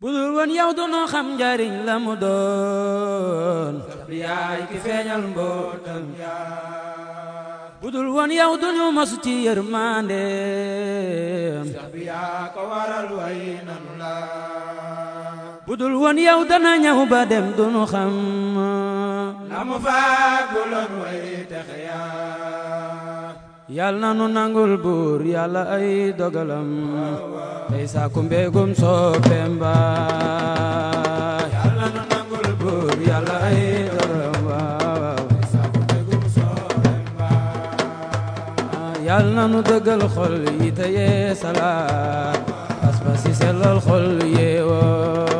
budul woon yow dunoo xam njariñ la mu doon yaay ki feeñal budul woon yow duñu ci yërmande yaa ko waral way nanu budul woon yow dana la mu faag way texe yàlla na nu nangul buur yàlla ay dogalam tey sàkku mbéegum soppeem ba yàlla nu nangul buur yàlla ay dogalam waaw tey sàkku mbéegum soppeem ba yàlla na nu dëggal xol yi te yee salaat pas-pas yi sellal xol yeewoo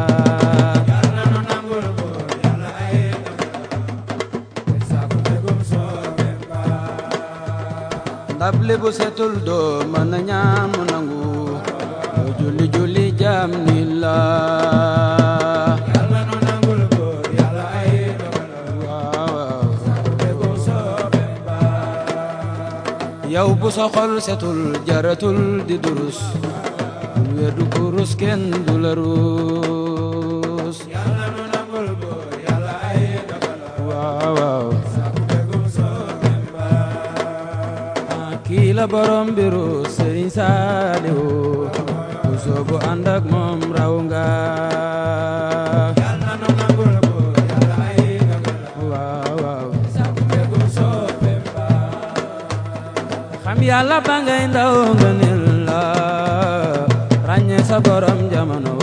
julli bu yow bu soxol setul jaratul di durus bul weddu kurus kenn du la rus la borom biru sëriñ Saaliwu ku soobu ànd moom raw nga yàlla ba ngay ndaw nga nil la sa borom jamono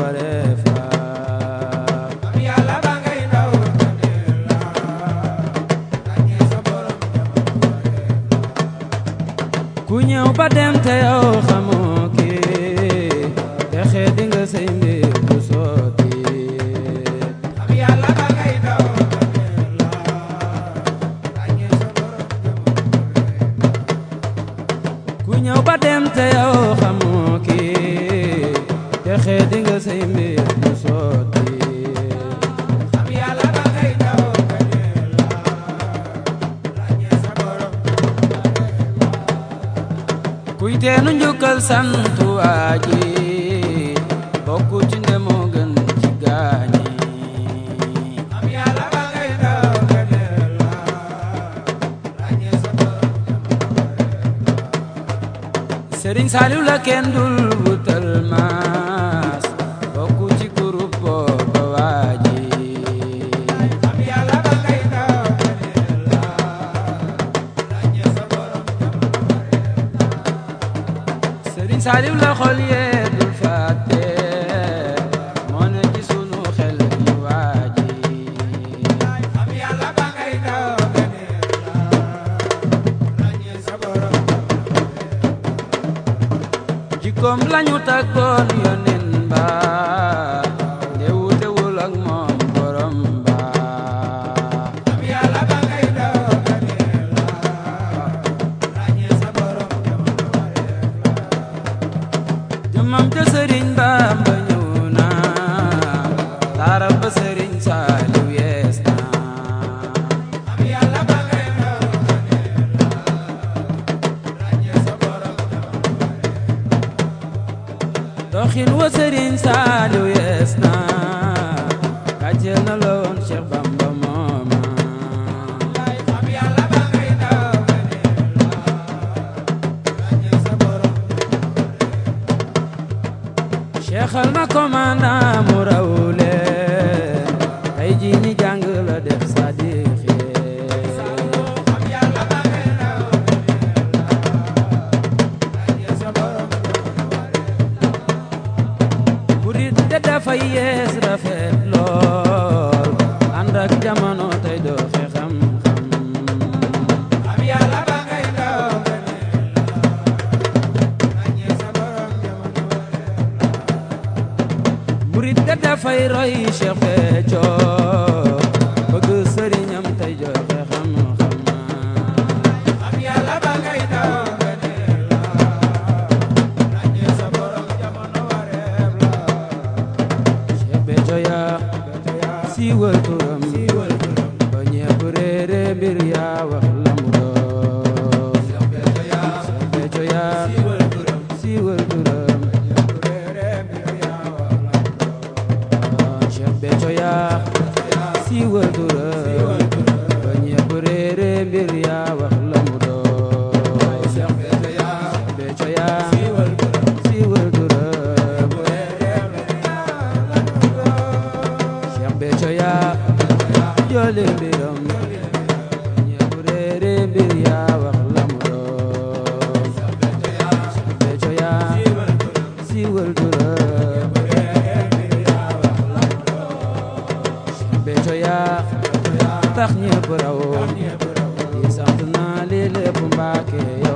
ñëw ba dem te yow xamoo kii texe di nga say mbir bu sotti xam yàlla ba ngay daw ku ñëw ba dem te yow xamoo kii texe di nga say mbir bu sotti teenu njukkal sant waaji bokk ci ndemoo gën ci gaañi Sëriñ Saaliw la kenn dul wutal ma sëriñ Saliou xol yee dul fàtte moo ne ci xel ñu waaji xam yàlla ba ngay daw lañu sa borom jikkoom lañu tàggoon yoneen ba Cheikhin wa Serigne Saliou oh, yees na kàcceel na la woon Cheikh Bamba mooma Cheikhal na commandant mu raw leen tey ji ñi dafa yees rafet lool ànd ak jamono tey doo fi xam-xam am yàlla ba ngay daw beneen lool añee sa borom jamono murit da dafay roy Cheikh Béthio yaa siiwal turam ba ñepp réere mbir yaa wax la mu doon Cheikh Béthio yaa siiwal turam Cheikh Béthio yaa siiwal turam sant naa lépp Mbàkke